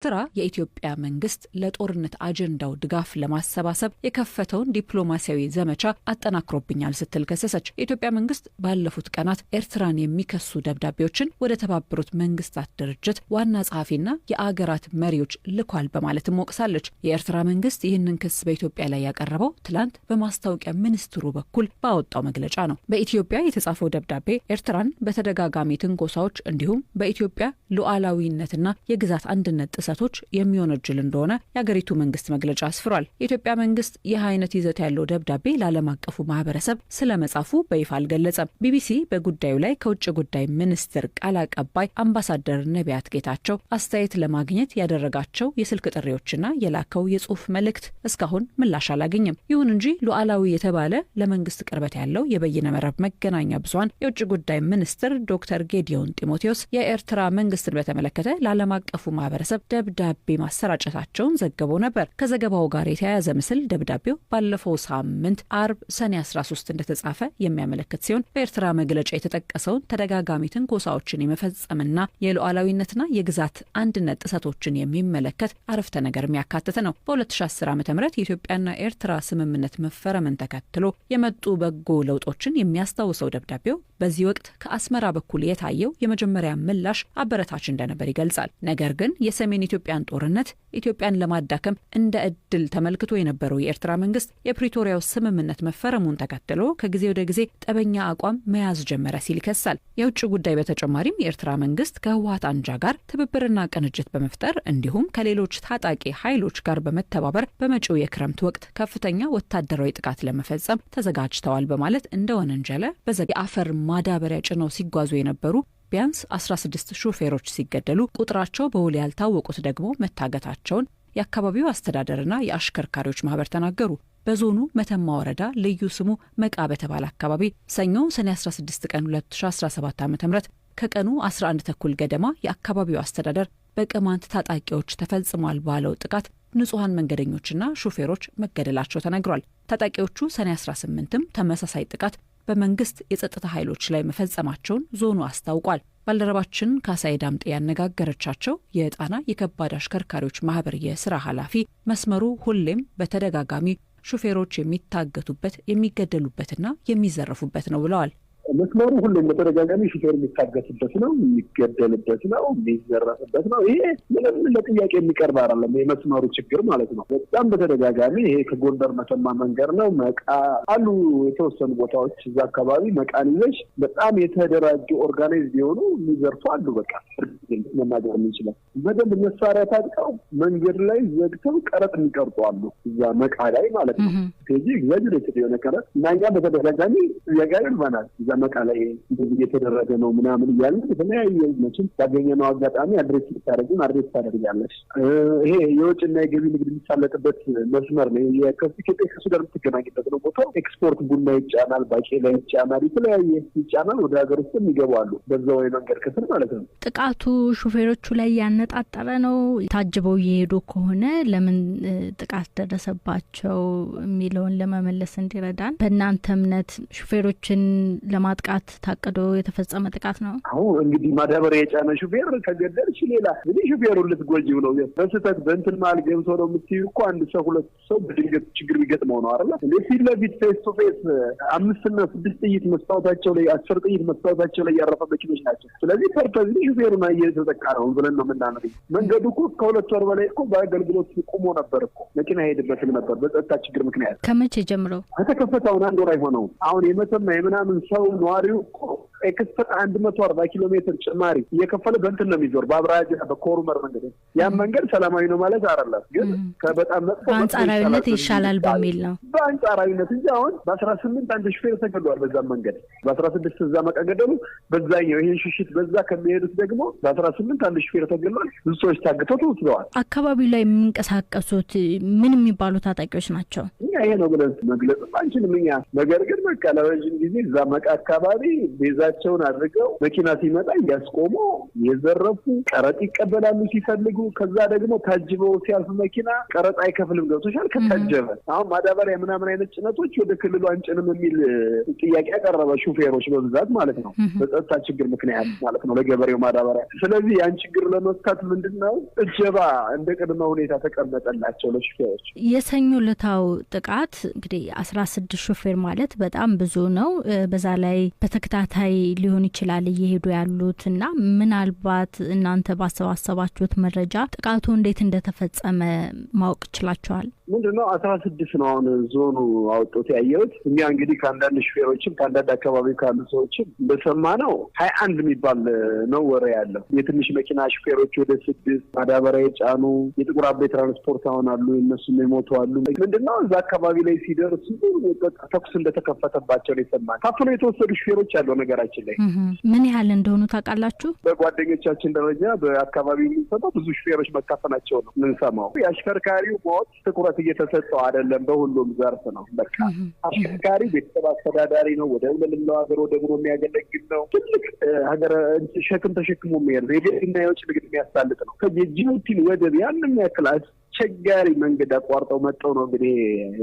ኤርትራ የኢትዮጵያ መንግስት ለጦርነት አጀንዳው ድጋፍ ለማሰባሰብ የከፈተውን ዲፕሎማሲያዊ ዘመቻ አጠናክሮብኛል ስትል ከሰሰች። የኢትዮጵያ መንግስት ባለፉት ቀናት ኤርትራን የሚከሱ ደብዳቤዎችን ወደ ተባበሩት መንግስታት ድርጅት ዋና ጸሐፊና የአገራት መሪዎች ልኳል በማለትም ወቅሳለች። የኤርትራ መንግስት ይህንን ክስ በኢትዮጵያ ላይ ያቀረበው ትላንት በማስታወቂያ ሚኒስትሩ በኩል ባወጣው መግለጫ ነው። በኢትዮጵያ የተጻፈው ደብዳቤ ኤርትራን በተደጋጋሚ ትንኮሳዎች እንዲሁም በኢትዮጵያ ሉዓላዊነትና የግዛት አንድነት ጥሰቶች የሚሆን እንደሆነ የአገሪቱ መንግስት መግለጫ አስፍሯል። የኢትዮጵያ መንግስት ይህ አይነት ይዘት ያለው ደብዳቤ ለዓለም አቀፉ ማህበረሰብ ስለ መጻፉ በይፋ አልገለጸም። ቢቢሲ በጉዳዩ ላይ ከውጭ ጉዳይ ሚኒስትር ቃል አቀባይ አምባሳደር ነቢያት ጌታቸው አስተያየት ለማግኘት ያደረጋቸው የስልክ ጥሪዎችና የላከው የጽሁፍ መልእክት እስካሁን ምላሽ አላገኘም። ይሁን እንጂ ሉዓላዊ የተባለ ለመንግስት ቅርበት ያለው የበይነ መረብ መገናኛ ብዙሀን የውጭ ጉዳይ ሚኒስትር ዶክተር ጌዲዮን ጢሞቴዎስ የኤርትራ መንግስትን በተመለከተ ለዓለም አቀፉ ማህበረሰብ ደብዳቤ ማሰራጨታቸውን ዘግበው ነበር። ከዘገባው ጋር የተያያዘ ምስል ደብዳቤው ባለፈው ሳምንት አርብ ሰኔ 13 እንደተጻፈ የሚያመለክት ሲሆን በኤርትራ መግለጫ የተጠቀሰውን ተደጋጋሚ ትንኮሳዎችን የመፈጸምና የሉዓላዊነትና የግዛት አንድነት ጥሰቶችን የሚመለከት አረፍተ ነገርም ያካተተ ነው። በ2010 ዓ ም የኢትዮጵያና ኤርትራ ስምምነት መፈረምን ተከትሎ የመጡ በጎ ለውጦችን የሚያስታውሰው ደብዳቤው በዚህ ወቅት ከአስመራ በኩል የታየው የመጀመሪያ ምላሽ አበረታች እንደነበር ይገልጻል። ነገር ግን የሰሜን የኢትዮጵያን ጦርነት ኢትዮጵያን ለማዳከም እንደ እድል ተመልክቶ የነበረው የኤርትራ መንግስት የፕሪቶሪያው ስምምነት መፈረሙን ተከትሎ ከጊዜ ወደ ጊዜ ጠበኛ አቋም መያዝ ጀመረ ሲል ይከሳል። የውጭ ጉዳይ በተጨማሪም የኤርትራ መንግስት ከህወሀት አንጃ ጋር ትብብርና ቅንጅት በመፍጠር እንዲሁም ከሌሎች ታጣቂ ኃይሎች ጋር በመተባበር በመጪው የክረምት ወቅት ከፍተኛ ወታደራዊ ጥቃት ለመፈጸም ተዘጋጅተዋል በማለት እንደ ወነጀለ በዘ የአፈር ማዳበሪያ ጭነው ሲጓዙ የነበሩ ቢያንስ 16 ሹፌሮች ሲገደሉ ቁጥራቸው በውል ያልታወቁት ደግሞ መታገታቸውን የአካባቢው አስተዳደርና የአሽከርካሪዎች ማህበር ተናገሩ። በዞኑ መተማ ወረዳ ልዩ ስሙ መቃ በተባለ አካባቢ ሰኞ ሰኔ 16 ቀን 2017 ዓ ም ከቀኑ 11 ተኩል ገደማ የአካባቢው አስተዳደር በቅማንት ታጣቂዎች ተፈጽሟል ባለው ጥቃት ንጹሐን መንገደኞችና ሹፌሮች መገደላቸው ተነግሯል። ታጣቂዎቹ ሰኔ 18ም ተመሳሳይ ጥቃት በመንግስት የጸጥታ ኃይሎች ላይ መፈጸማቸውን ዞኑ አስታውቋል። ባልደረባችን ካሳይ ዳምጤ ያነጋገረቻቸው የጣና የከባድ አሽከርካሪዎች ማህበር የስራ ኃላፊ መስመሩ ሁሌም በተደጋጋሚ ሹፌሮች የሚታገቱበት የሚገደሉበትና የሚዘረፉበት ነው ብለዋል። መስመሩ ሁሌም በተደጋጋሚ ሹፌር የሚታገትበት ነው፣ የሚገደልበት ነው፣ የሚዘረፍበት ነው። ይሄ ምንም ለጥያቄ የሚቀርብ አይደለም። የመስመሩ ችግር ማለት ነው። በጣም በተደጋጋሚ ይሄ ከጎንደር መተማ መንገድ ነው መቃ አሉ የተወሰኑ ቦታዎች እዛ አካባቢ መቃን ይዘሽ በጣም የተደራጁ ኦርጋናይዝ የሆኑ የሚዘርፉ አሉ። በቃ መናገር የምንችላል በደንብ መሳሪያ ታጥቀው መንገድ ላይ ዘግተው ቀረጥ የሚቀርጡ አሉ። እዛ መቃ ላይ ማለት ነው። ፔጂ ኤግዛጅሬትድ የሆነ ቀረጥ እና እኛ በተደጋጋሚ ጥያቄ ያልባናል። እዛ መቃ ላይ እየተደረገ ነው ምናምን እያለ የተለያየ መችም ያገኘነው አጋጣሚ አድሬስ ልታደረግም አድሬስ ታደርጋለች። ይሄ የውጭና የገቢ ንግድ የሚሳለጥበት መስመር ነው። ኢትዮጵያ ጋር የምትገናኝበት ነው ቦታ። ኤክስፖርት ቡና ይጫናል፣ ባቄላ ይጫናል፣ የተለያየ ይጫናል። ወደ ሀገር ውስጥ ይገባሉ። በዛ ወይ መንገድ ክፍል ማለት ነው። ጥቃቱ ሹፌሮቹ ላይ ያነጣጠረ ነው ታጅበው የሄዱ ከሆነ ለምን ጥቃት ደረሰባቸው የሚለውን ለመመለስ እንዲረዳን በእናንተ እምነት ሹፌሮችን ለማጥቃት ታቅዶ የተፈጸመ ጥቃት ነው? አሁ እንግዲህ ማዳበሪያ የጫነ ሹፌር ከገደልሽ ሌላ እንግዲህ ሹፌሩ ልትጎጂው ነው። በስህተት በእንትን መሀል ገብቶ ነው የምትይው እኮ አንድ ሰው ሁለት ሰው በድንገት ችግር ቢገጥመው ነው አለ እንደ ፊት ለፊት ፌስ ቱ ፌስ አምስትና ስድስት ጥይት መስታወታቸው ላይ አስር ጥይት መስታወታቸው ላይ ያረፈ መኪኖች ናቸው። ስለዚህ ፐርፐዝ ሹፌሩን ተጠቃ ነው ብለን ነው የምናነ መንገዱ እኮ ከሁለቱ በላይ እኮ በአገልግሎት ቁሞ ነበር እኮ መኪና ሄድበትም ነበር በጸጥታ ችግር ምክንያት። ከመቼ ጀምሮ ከተከፈተ አሁን አንድ ወር አይሆነውም። አሁን የመተማ የምናምን ሰው ነዋሪው እኮ ኤክስትራ አንድ መቶ አርባ ኪሎ ሜትር ጭማሪ እየከፈለ በእንትን ነው የሚዞር በአብራጃ በኮሩመር መንገድ ያን መንገድ ሰላማዊ ነው ማለት አይደለም፣ ግን ከበጣም መጥፎ በአንጻራዊነት ይሻላል በሚል ነው። በአንጻራዊነት እንጂ አሁን በአስራ ስምንት አንድ ሹፌር ተገሏል። በዛም መንገድ በአስራ ስድስት እዛ መቀገደሉ በዛኛው ይህን ሽሽት በዛ ከሚሄዱት ደግሞ በአስራ ስምንት አንድ ሹፌር ተገሏል። ብዙ ሰዎች ታግተው ተወስደዋል። አካባቢው ላይ የሚንቀሳቀሱት ምን የሚባሉ ታጣቂዎች ናቸው? እኛ ይሄ ነው ብለን መግለጽ አንችልም። እኛ ነገር ግን በቃ ለረዥም ጊዜ እዛ መቃ አካባቢ ቤዛ ያላቸውን አድርገው መኪና ሲመጣ እያስቆሙ የዘረፉ ቀረጥ ይቀበላሉ ሲፈልጉ። ከዛ ደግሞ ታጅበው ሲያልፍ መኪና ቀረጥ አይከፍልም። ገብቶሻል። ከታጀበ አሁን ማዳበሪያ ምናምን አይነት ጭነቶች ወደ ክልሉ አንጭንም የሚል ጥያቄ ያቀረበ ሹፌሮች በብዛት ማለት ነው፣ በጸጥታ ችግር ምክንያት ማለት ነው ለገበሬው ማዳበሪያ። ስለዚህ ያን ችግር ለመፍታት ምንድን ነው እጀባ እንደ ቅድመ ሁኔታ ተቀመጠላቸው ለሹፌሮች። የሰኞ ልታው ጥቃት እንግዲህ አስራ ስድስት ሹፌር ማለት በጣም ብዙ ነው። በዛ ላይ በተከታታይ ሊሆን ይችላል እየሄዱ ያሉት እና ምናልባት እናንተ ባሰባሰባችሁት መረጃ ጥቃቱ እንዴት እንደተፈጸመ ማወቅ ችላችኋል? ምንድነው አስራ ስድስት ነው አሁን ዞኑ አውጥቶት ያየሁት። እኛ እንግዲህ ከአንዳንድ ሹፌሮችም ከአንዳንድ አካባቢ ካሉ ሰዎችም በሰማ ነው ሀያ አንድ የሚባል ነው ወሬ ያለው የትንሽ መኪና ሹፌሮች ወደ ስድስት ማዳበሪያ የጫኑ የጥቁር አባይ ትራንስፖርት አሁን አሉ፣ እነሱም የሞቱ አሉ። ምንድነው እዛ አካባቢ ላይ ሲደርሱ ተኩስ እንደተከፈተባቸው ነው የሰማነው። ታፍነው የተወሰዱ ሹፌሮች ያለው ነገራችን ላይ ምን ያህል እንደሆኑ ታውቃላችሁ? በጓደኞቻችን ደረጃ በአካባቢ የሚሰጠው ብዙ ሹፌሮች መካፈናቸው ነው ምንሰማው። የአሽከርካሪው ሞት ትኩረት እየተሰጠው አይደለም። በሁሉም ዘርፍ ነው። በቃ አሽከርካሪ ቤተሰብ አስተዳዳሪ ነው። ወደ ለምለው ሀገር ደግሞ የሚያገለግል ነው። ትልቅ ሀገር ሸክም ተሸክሞ የሚሄድ ነው። የገቢና የውጭ ንግድ የሚያሳልጥ ነው። ከጅቡቲን ወደብ ያንም ያክል አስቸጋሪ መንገድ አቋርጠው መጠው ነው እንግዲህ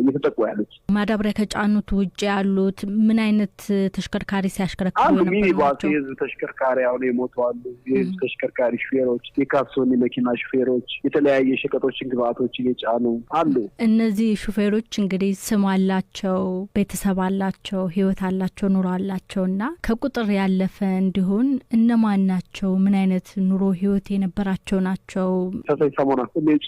እየተጠቁ ያሉት። ማዳበሪያ ከጫኑት ውጭ ያሉት ምን አይነት ተሽከርካሪ ሲያሽከረክሩ አሉ? ሚኒባስ፣ የህዝብ ተሽከርካሪ አሁን የሞቱ አሉ። የህዝብ ተሽከርካሪ ሹፌሮች፣ የካፕሶኒ መኪና ሹፌሮች የተለያየ ሸቀጦችን ግብአቶች እየጫኑ አሉ። እነዚህ ሹፌሮች እንግዲህ ስም አላቸው፣ ቤተሰብ አላቸው፣ ህይወት አላቸው፣ ኑሮ አላቸው እና ከቁጥር ያለፈ እንዲሆን እነማን ናቸው? ምን አይነት ኑሮ ህይወት የነበራቸው ናቸው? ሰሰይ ሰሞና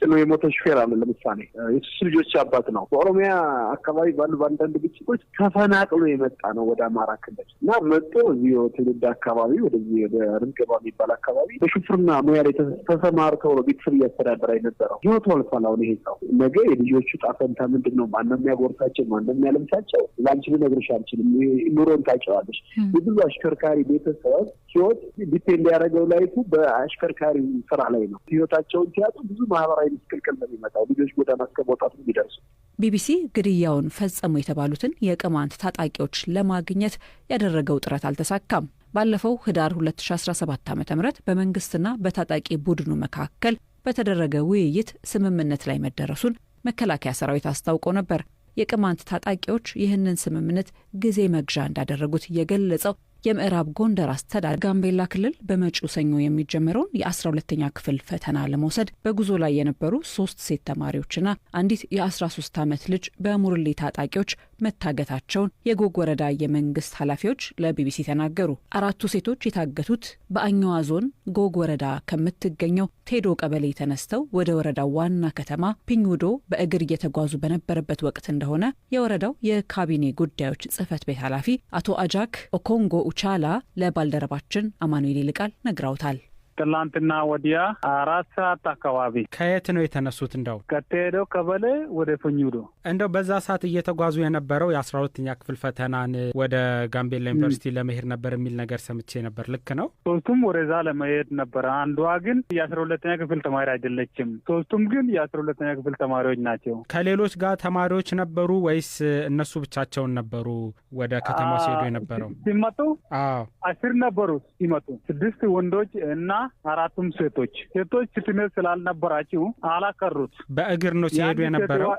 ጭኖ የሞተ ትንሽ ፌር አለ። ለምሳሌ የሱስ ልጆች አባት ነው። በኦሮሚያ አካባቢ ባሉ በአንዳንድ ግጭቶች ተፈናቅሎ የመጣ ነው ወደ አማራ ክልል እና መጦ እዚህ ትውልድ አካባቢ ወደዚህ ወደ ርንገባ የሚባል አካባቢ በሹፍርና ሙያ ላይ ተሰማርተው ነው ቤተሰብ እያስተዳደር አይነበረው ህይወቱ አልፏል። አሁን ይሄ ሰው ነገ የልጆቹ ጣፈንታ ምንድን ነው? ማነው የሚያጎርሳቸው? ማነው የሚያለምሳቸው? ላንቺ ልነግርሽ አልችልም። ኑሮን ታጨዋለች የብዙ አሽከርካሪ ቤተሰብ ህይወት ዲፔንድ ያደረገው ላይቱ በአሽከርካሪ ስራ ላይ ነው። ህይወታቸውን ሲያጡ ብዙ ማህበራዊ ምስቅልቅል የሚመጣው ልጆች ጎዳና እስከ መውጣቱ የሚደርሱ። ቢቢሲ ግድያውን ፈጸሙ የተባሉትን የቅማንት ታጣቂዎች ለማግኘት ያደረገው ጥረት አልተሳካም። ባለፈው ህዳር 2017 ዓ ም በመንግስትና በታጣቂ ቡድኑ መካከል በተደረገ ውይይት ስምምነት ላይ መደረሱን መከላከያ ሰራዊት አስታውቆ ነበር። የቅማንት ታጣቂዎች ይህንን ስምምነት ጊዜ መግዣ እንዳደረጉት የገለጸው የምዕራብ ጎንደር አስተዳደር ጋምቤላ ክልል በመጪው ሰኞ የሚጀምረውን የ12ተኛ ክፍል ፈተና ለመውሰድ በጉዞ ላይ የነበሩ ሶስት ሴት ተማሪዎችና አንዲት የ13 ዓመት ልጅ በሙርሌ ታጣቂዎች መታገታቸውን የጎግ ወረዳ የመንግስት ኃላፊዎች ለቢቢሲ ተናገሩ። አራቱ ሴቶች የታገቱት በአኛዋ ዞን ጎግ ወረዳ ከምትገኘው ቴዶ ቀበሌ ተነስተው ወደ ወረዳው ዋና ከተማ ፒኝዶ በእግር እየተጓዙ በነበረበት ወቅት እንደሆነ የወረዳው የካቢኔ ጉዳዮች ጽህፈት ቤት ኃላፊ አቶ አጃክ ኦኮንጎ ቻላ ለባልደረባችን አማኑኤል ይልቃል ነግረውታል። ትላንትና ወዲያ አራት ሰዓት አካባቢ ከየት ነው የተነሱት? እንደው ከተሄደው ከበለ ወደ ፈኙዶ እንደው በዛ ሰዓት እየተጓዙ የነበረው የአስራ ሁለተኛ ክፍል ፈተናን ወደ ጋምቤላ ዩኒቨርሲቲ ለመሄድ ነበር የሚል ነገር ሰምቼ ነበር። ልክ ነው? ሶስቱም ወደዛ ለመሄድ ነበረ። አንዷ ግን የአስራ ሁለተኛ ክፍል ተማሪ አይደለችም። ሶስቱም ግን የአስራ ሁለተኛ ክፍል ተማሪዎች ናቸው። ከሌሎች ጋር ተማሪዎች ነበሩ ወይስ እነሱ ብቻቸውን ነበሩ? ወደ ከተማ ሲሄዱ የነበረው ሲመጡ አስር ነበሩ። ሲመጡ ስድስት ወንዶች እና አራቱም ሴቶች ሴቶች ፍጥነት ስላልነበራቸው አላቀሩት። በእግር ነው ሲሄዱ የነበረው።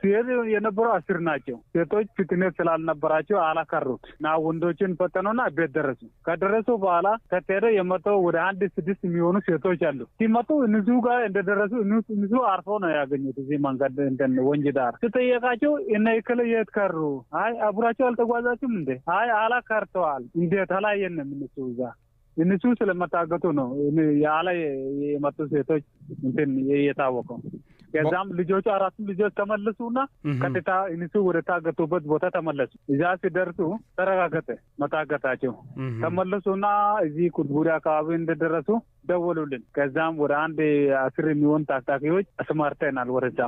ሲሄዱ የነበረው አስር ናቸው። ሴቶች ፍጥነት ስላልነበራቸው አላቀሩት እና ወንዶችን ፈተኑና ቤት ደረሱ። ከደረሱ በኋላ ከተሄደ የመቶ ወደ አንድ ስድስት የሚሆኑ ሴቶች አሉ። ሲመጡ ንሱ ጋር እንደደረሱ ንሱ አርፎ ነው ያገኙት። እዚህ መንገድ እንደ ወንጅ ዳር ስጠየቃቸው እነ እክል የት ቀሩ? አይ አቡራቸው አልተጓዛችም እንዴ? አይ አላቀርተዋል። እንዴት አላየንም እነሱ እዛ እነሱ ስለመታገቱ ነው ያለ የመጡ ሴቶች እንትን የታወቀው። ከዛም ልጆቹ አራቱ ልጆች ተመለሱና ቀጥታ እነሱ ወደ ታገቱበት ቦታ ተመለሱ። እዛ ሲደርሱ ተረጋገጠ መታገታቸው። ተመለሱና እዚህ ኩድቡሪ አካባቢ እንደደረሱ ደወሉልን። ከዛም ወደ አንድ አስር የሚሆን ታጣቂዎች አስማርተናል ወደዛ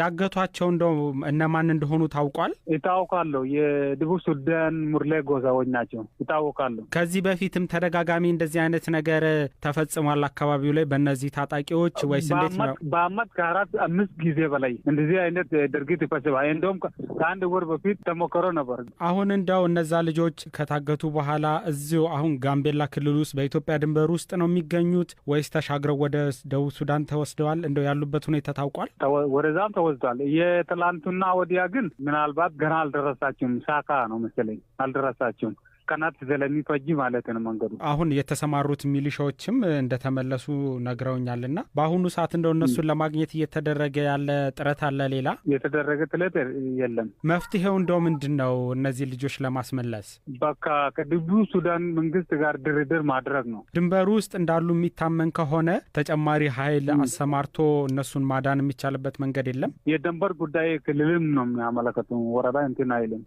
ያገቷቸው እንደው እነማን እንደሆኑ ታውቋል? ይታወቃለሁ። የደቡብ ሱዳን ሙርሌ ጎሳዎች ናቸው ይታወቃሉ። ከዚህ በፊትም ተደጋጋሚ እንደዚህ አይነት ነገር ተፈጽሟል አካባቢው ላይ በእነዚህ ታጣቂዎች ወይስ እንዴት ነው? በአመት ከአራት አምስት ጊዜ በላይ እንደዚህ አይነት ድርጊት ይፈጽማል። እንደውም ከአንድ ወር በፊት ተሞክሮ ነበር። አሁን እንደው እነዛ ልጆች ከታገቱ በኋላ እዚሁ አሁን ጋምቤላ ክልል ውስጥ በኢትዮጵያ ድንበር ውስጥ ነው የሚገኙት ወይስ ተሻግረው ወደ ደቡብ ሱዳን ተወስደዋል? እንደው ያሉበት ሁኔታ ታውቋል? እገዛም ተወስዷል። የትላንቱና ወዲያ ግን ምናልባት ገና አልደረሳችሁም። ሳካ ነው መሰለኝ አልደረሳችሁም። ቀናት ስለሚፈጅ ማለት ነው መንገዱ። አሁን የተሰማሩት ሚሊሻዎችም እንደተመለሱ ነግረውኛል። እና በአሁኑ ሰዓት እንደው እነሱን ለማግኘት እየተደረገ ያለ ጥረት አለ? ሌላ የተደረገ ጥረት የለም። መፍትሄው እንደው ምንድን ነው እነዚህ ልጆች ለማስመለስ? በቃ ከደቡብ ሱዳን መንግስት ጋር ድርድር ማድረግ ነው። ድንበሩ ውስጥ እንዳሉ የሚታመን ከሆነ ተጨማሪ ኃይል አሰማርቶ እነሱን ማዳን የሚቻልበት መንገድ የለም። የድንበር ጉዳይ ክልልም ነው የሚያመለከቱ ወረዳ እንትን አይልም።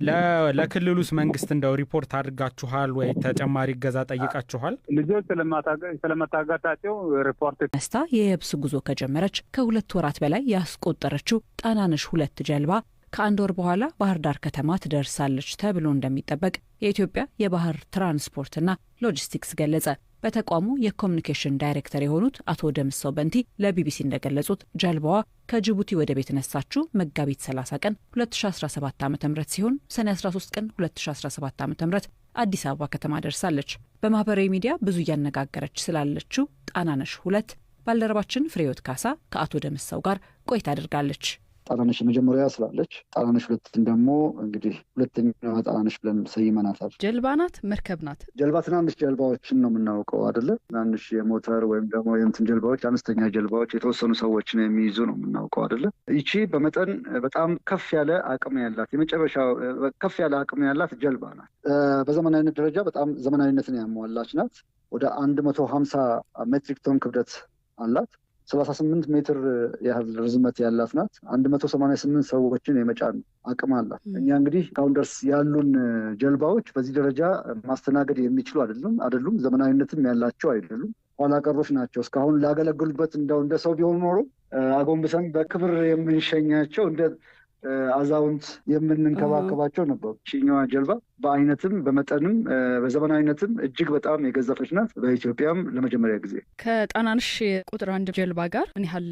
ለክልሉስ መንግስት እንደው ሪፖርት አድርጋ ጠይቃችኋል ወይ? ተጨማሪ እገዛ ጠይቃችኋል? ልጆች ስለመታገታቸው ሪፖርት ነስታ የየብስ ጉዞ ከጀመረች ከሁለት ወራት በላይ ያስቆጠረችው ጣናነሽ ሁለት ጀልባ ከአንድ ወር በኋላ ባህር ዳር ከተማ ትደርሳለች ተብሎ እንደሚጠበቅ የኢትዮጵያ የባህር ትራንስፖርትና ሎጂስቲክስ ገለጸ። በተቋሙ የኮሚኒኬሽን ዳይሬክተር የሆኑት አቶ ደምሰው በንቲ ለቢቢሲ እንደገለጹት ጀልባዋ ከጅቡቲ ወደ ቤት ነሳችው መጋቢት 30 ቀን 2017 ዓ ም ሲሆን ሰኔ 13 ቀን 2017 ዓ ም አዲስ አበባ ከተማ ደርሳለች። በማህበራዊ ሚዲያ ብዙ እያነጋገረች ስላለችው ጣናነሽ ሁለት ባልደረባችን ፍሬህይወት ካሳ ከአቶ ደምሰው ጋር ቆይታ አድርጋለች። ጣናነሽ መጀመሪያ ስላለች ጣናነሽ ሁለትን ደግሞ እንግዲህ ሁለተኛዋ ጣናነሽ ብለን ሰይመናታል። ጀልባ ናት፣ መርከብ ናት። ጀልባ ትናንሽ ጀልባዎችን ነው የምናውቀው አደለ? ትናንሽ የሞተር ወይም ደግሞ የእንትን ጀልባዎች፣ አነስተኛ ጀልባዎች የተወሰኑ ሰዎችን የሚይዙ ነው የምናውቀው አደለ? ይቺ በመጠን በጣም ከፍ ያለ አቅም ያላት የመጨረሻ ከፍ ያለ አቅም ያላት ጀልባ ናት። በዘመናዊነት ደረጃ በጣም ዘመናዊነትን ያሟላች ናት። ወደ አንድ መቶ ሀምሳ ሜትሪክ ቶን ክብደት አላት። 78 ሜትር ያህል ርዝመት ያላት ናት። 188 ሰዎችን የመጫን አቅም አላት። እኛ እንግዲህ እስካሁን ድረስ ያሉን ጀልባዎች በዚህ ደረጃ ማስተናገድ የሚችሉ አይደሉም አይደሉም፣ ዘመናዊነትም ያላቸው አይደሉም፣ ኋላ ቀሮች ናቸው። እስካሁን ላገለግሉበት እንደው እንደ ሰው ቢሆኑ ኖሮ አጎንብሰን በክብር የምንሸኛቸው እንደ አዛውንት የምንንከባከባቸው ነበሩ። ችኛዋ ጀልባ በአይነትም በመጠንም በዘመናዊነትም እጅግ በጣም የገዘፈች ናት። በኢትዮጵያም ለመጀመሪያ ጊዜ ከጣናንሽ ቁጥር አንድ ጀልባ ጋር ምን ያህል